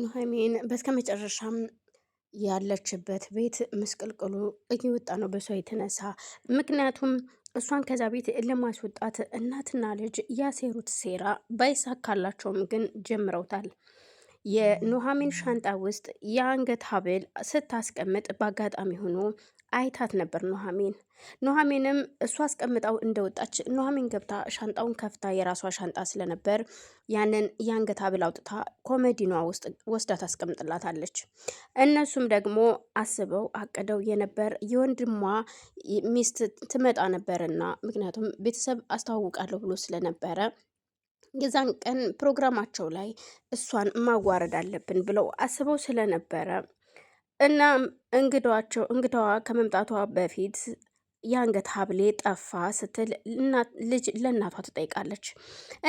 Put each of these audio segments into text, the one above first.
ኑሐሚን በስከ መጨረሻም ያለችበት ቤት ምስቅልቅሉ እየወጣ ነው በሷ የተነሳ። ምክንያቱም እሷን ከዛ ቤት ለማስወጣት እናትና ልጅ ያሴሩት ሴራ ባይሳካላቸውም ግን ጀምረውታል። የኑሐሚን ሻንጣ ውስጥ የአንገት ሀብል ስታስቀምጥ በአጋጣሚ ሆኖ አይታት ነበር ኑሐሚን ኑሐሚንም እሷ አስቀምጣው እንደወጣች ኑሐሚን ገብታ ሻንጣውን ከፍታ የራሷ ሻንጣ ስለነበር ያንን የአንገት ሐብል አውጥታ ኮሜዲኗ ውስጥ ወስዳ ታስቀምጥላታለች። እነሱም ደግሞ አስበው አቅደው የነበር የወንድሟ ሚስት ትመጣ ነበርና ምክንያቱም ቤተሰብ አስተዋውቃለሁ ብሎ ስለነበረ የዛን ቀን ፕሮግራማቸው ላይ እሷን ማዋረድ አለብን ብለው አስበው ስለነበረ እና እንግዳቸው እንግዳዋ ከመምጣቷ በፊት የአንገት ሀብሌ ጠፋ ስትል ልጅ ለእናቷ ትጠይቃለች።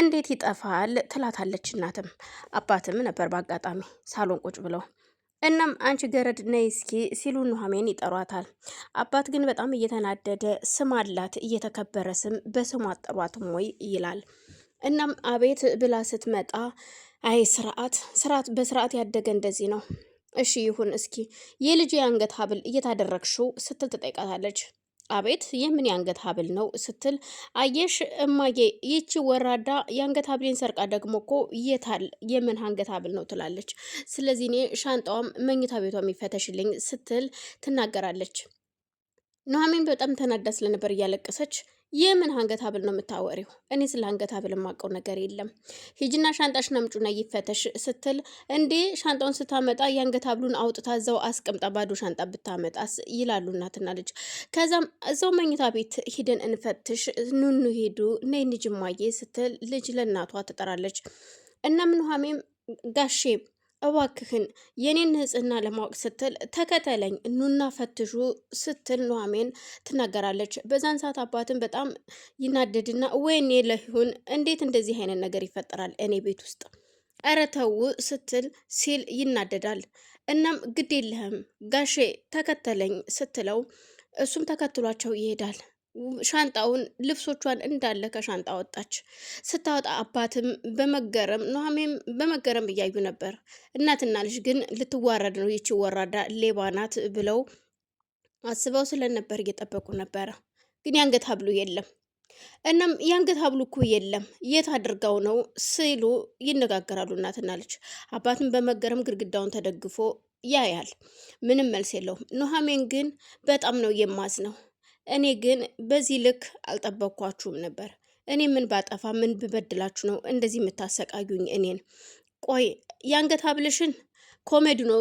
እንዴት ይጠፋል ትላታለች። እናትም አባትም ነበር በአጋጣሚ ሳሎን ቁጭ ብለው። እናም አንቺ ገረድ ነይ እስኪ ሲሉ ኑሐሚን ይጠሯታል። አባት ግን በጣም እየተናደደ ስም አላት እየተከበረ ስም በስሙ አጠሯትም ወይ ይላል። እናም አቤት ብላ ስትመጣ አይ ስርዓት ስርዓት በስርዓት ያደገ እንደዚህ ነው። እሺ ይሁን እስኪ የልጅ የአንገት ሀብል እየታደረግሽው ስትል ትጠይቃታለች። አቤት የምን የአንገት ሀብል ነው ስትል፣ አየሽ እማዬ ይቺ ወራዳ የአንገት ሀብሌን ሰርቃ ደግሞ እኮ የታል የምን አንገት ሀብል ነው ትላለች። ስለዚህ እኔ ሻንጣዋም መኝታ ቤቷ የሚፈተሽልኝ ስትል ትናገራለች። ኑሐሚን በጣም ተናዳ ስለነበር እያለቀሰች የምን አንገት ሀብል ነው የምታወሪው? እኔ ስለ አንገት ሀብል የማውቀው ነገር የለም። ሂጅና ሻንጣሽን አምጪና ይፈተሽ ስትል እንዴ ሻንጣውን ስታመጣ የአንገት ሀብሉን አውጥታ እዛው አስቀምጣ ባዶ ሻንጣ ብታመጣስ ይላሉ እናትና ልጅ። ከዛም እዛው መኝታ ቤት ሂደን እንፈትሽ፣ ኑኑ ሄዱ፣ ነይ ንጅማዬ ስትል ልጅ ለእናቷ ትጠራለች። እናም ኑሃሜም ጋሼ እባክህን የኔን ንጽህና ለማወቅ ስትል ተከተለኝ ኑና ፈትሹ ስትል ኑሐሚን ትናገራለች። በዛን ሰዓት አባትን በጣም ይናደድና ወይኔ ለሁን እንዴት እንደዚህ አይነት ነገር ይፈጠራል እኔ ቤት ውስጥ እረ ተው ስትል ሲል ይናደዳል። እናም ግድ የለህም ጋሼ ተከተለኝ ስትለው እሱም ተከትሏቸው ይሄዳል። ሻንጣውን ልብሶቿን እንዳለ ከሻንጣ ወጣች። ስታወጣ አባትም በመገረም ኑሐሚንም በመገረም እያዩ ነበር። እናትና ልጅ ግን ልትዋረድ ነው ይቺ ወራዳ ሌባ ናት ብለው አስበው ስለነበር እየጠበቁ ነበረ። ግን የአንገት ሀብሉ የለም። እናም የአንገት ሀብሉ እኮ የለም የት አድርጋው ነው ሲሉ ይነጋገራሉ እናትና ልጅ። አባትም በመገረም ግድግዳውን ተደግፎ ያያል። ምንም መልስ የለውም። ኑሐሚን ግን በጣም ነው የማዝ ነው እኔ ግን በዚህ ልክ አልጠበቅኳችሁም ነበር። እኔ ምን ባጠፋ ምን ብበድላችሁ ነው እንደዚህ የምታሰቃዩኝ እኔን? ቆይ የአንገት ሀብልሽን ነው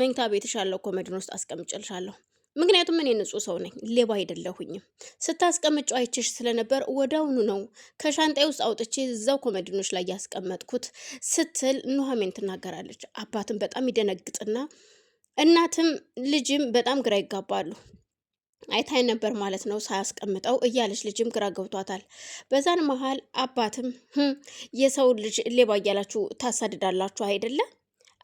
መኝታ ቤትሽ ያለው ኮሜዲን ውስጥ አስቀምጭልሻለሁ። ምክንያቱም እኔ ንጹህ ሰው ነኝ፣ ሌባ አይደለሁኝም። ስታስቀምጩ አይችሽ ስለነበር ወዳውኑ ነው ከሻንጣይ ውስጥ አውጥቼ እዛው ኮሜዲኖች ላይ ያስቀመጥኩት ስትል ኑሐሚን ትናገራለች። አባትም በጣም ይደነግጥና እናትም ልጅም በጣም ግራ ይጋባሉ። አይታይ ነበር ማለት ነው ሳያስቀምጠው እያለች ልጅም ግራ ገብቷታል። በዛን መሀል አባትም የሰው ልጅ ሌባ እያላችሁ ታሳድዳላችሁ አይደለ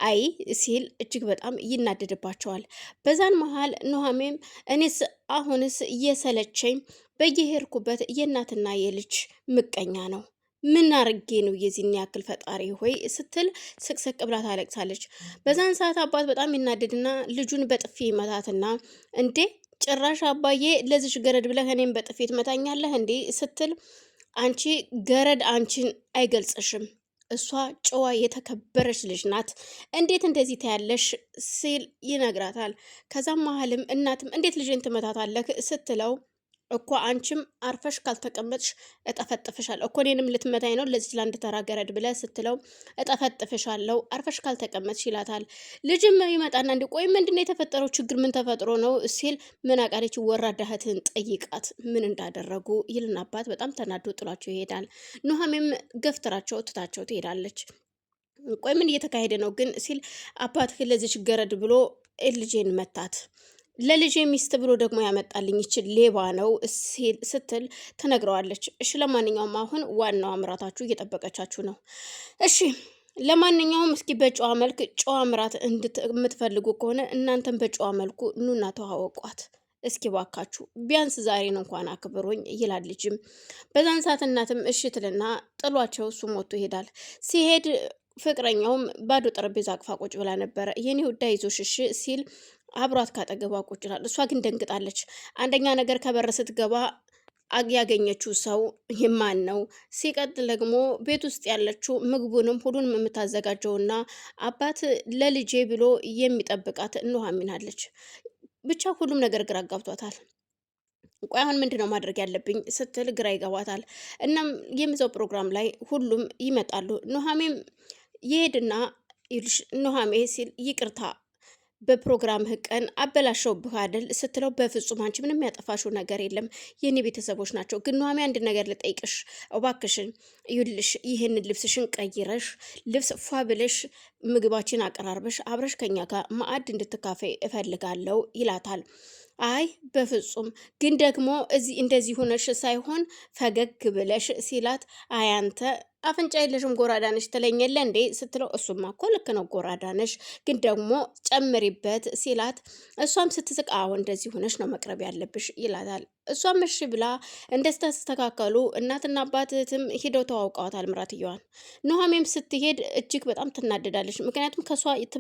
አይ ሲል እጅግ በጣም ይናደድባቸዋል። በዛን መሀል ኑሐሚንም እኔስ አሁንስ የሰለቸኝ በየሄድኩበት የእናትና የልጅ ምቀኛ ነው ምን አርጌ ነው የዚህን ያክል ፈጣሪ ሆይ ስትል ስቅስቅ ብላ ታለቅሳለች። በዛን ሰዓት አባት በጣም ይናደድና ልጁን በጥፊ መታትና እንዴ ጭራሽ አባዬ ለዚች ገረድ ብለህ እኔም በጥፊ ትመታኛለህ እንዴ? ስትል አንቺ ገረድ አንቺን አይገልጽሽም። እሷ ጨዋ የተከበረች ልጅ ናት። እንዴት እንደዚህ ታያለሽ? ሲል ይነግራታል። ከዛም መሀልም እናትም እንዴት ልጅን ትመታታለህ? ስትለው እኮ አንቺም አርፈሽ ካልተቀመጥሽ እጠፈጥፍሻለሁ እኮ እኔንም ልትመታኝ ነው ለዚህ ለአንድ ተራ ገረድ ብለህ ስትለው እጠፈጥፍሻለሁ አርፈሽ ካልተቀመጥሽ ይላታል። ልጅም ይመጣና እንዲ ቆይ ምንድን ነው የተፈጠረው ችግር ምን ተፈጥሮ ነው ሲል ምን አቃለች ወራዳህትን ጠይቃት ምን እንዳደረጉ ይልና አባት በጣም ተናዶ ጥሏቸው ይሄዳል። ኑሐሚንም ገፍትራቸው ትታቸው ትሄዳለች። ቆይ ምን እየተካሄደ ነው ግን ሲል አባትህ ለዚች ገረድ ብሎ ልጄን መታት ለልጄ ሚስት ብሎ ደግሞ ያመጣልኝ ይችል ሌባ ነው ስትል ትነግረዋለች። እሺ ለማንኛውም አሁን ዋናው ምራታችሁ እየጠበቀቻችሁ ነው። እሺ ለማንኛውም እስኪ በጨዋ መልክ ጨዋ ምራት የምትፈልጉ ከሆነ እናንተን በጨዋ መልኩ ኑና ተዋወቋት። እስኪ ባካችሁ ቢያንስ ዛሬን እንኳን አክብሮኝ ይላል ልጅም። በዛን ሰዓት እናትም እሽትልና ጥሏቸው እሱ ሞቶ ይሄዳል። ሲሄድ ፍቅረኛውም ባዶ ጠረጴዛ አቅፋ ቁጭ ብላ ነበረ። የኔ ውዳ ይዞ ሽሽ ሲል አብሯት ካጠገቧ ቁጭ ይላል። እሷ ግን ደንግጣለች። አንደኛ ነገር ከበር ስትገባ ያገኘችው ሰው ይማን ነው? ሲቀጥል ደግሞ ቤት ውስጥ ያለችው ምግቡንም ሁሉንም የምታዘጋጀውና አባት ለልጄ ብሎ የሚጠብቃት ኑሐሚናለች። ብቻ ሁሉም ነገር ግራ ጋብቷታል። ቆይ አሁን ምንድነው ማድረግ ያለብኝ ስትል ግራ ይገባታል። እናም የምዘው ፕሮግራም ላይ ሁሉም ይመጣሉ። ኑሐሚን ይሄድና ይልሽ ሲል ይቅርታ በፕሮግራም ቀን አበላሸውብህ አይደል ስትለው፣ በፍጹም አንቺ ምንም ያጠፋሽው ነገር የለም የኔ ቤተሰቦች ናቸው። ግን ኑሃሚ አንድ ነገር ልጠይቅሽ እባክሽን፣ ይልሽ ይህን ልብስሽን ቀይረሽ ልብስ ፏ ብለሽ ምግባችን አቀራርበሽ አብረሽ ከኛ ጋር ማዕድ እንድትካፈይ እፈልጋለሁ ይላታል። አይ በፍጹም ግን ደግሞ እዚህ እንደዚህ ሆነሽ ሳይሆን ፈገግ ብለሽ ሲላት አያንተ አፍንጫ የለሽም ጎራዳ ነሽ ትለኛለ እንዴ ስትለው እሱማ እኮ ልክ ነው ጎራዳ ነሽ ግን ደግሞ ጨምሪበት ሲላት እሷም ስትስቅ አዎ እንደዚህ ሆነሽ ነው መቅረብ ያለብሽ ይላታል እሷም እሺ ብላ እንደስተስተካከሉ እናትና አባትትም ሂደው ተዋውቀዋታል ምራትየዋን ኑሐሚንም ስትሄድ እጅግ በጣም ትናደዳለች ምክንያቱም ከእሷ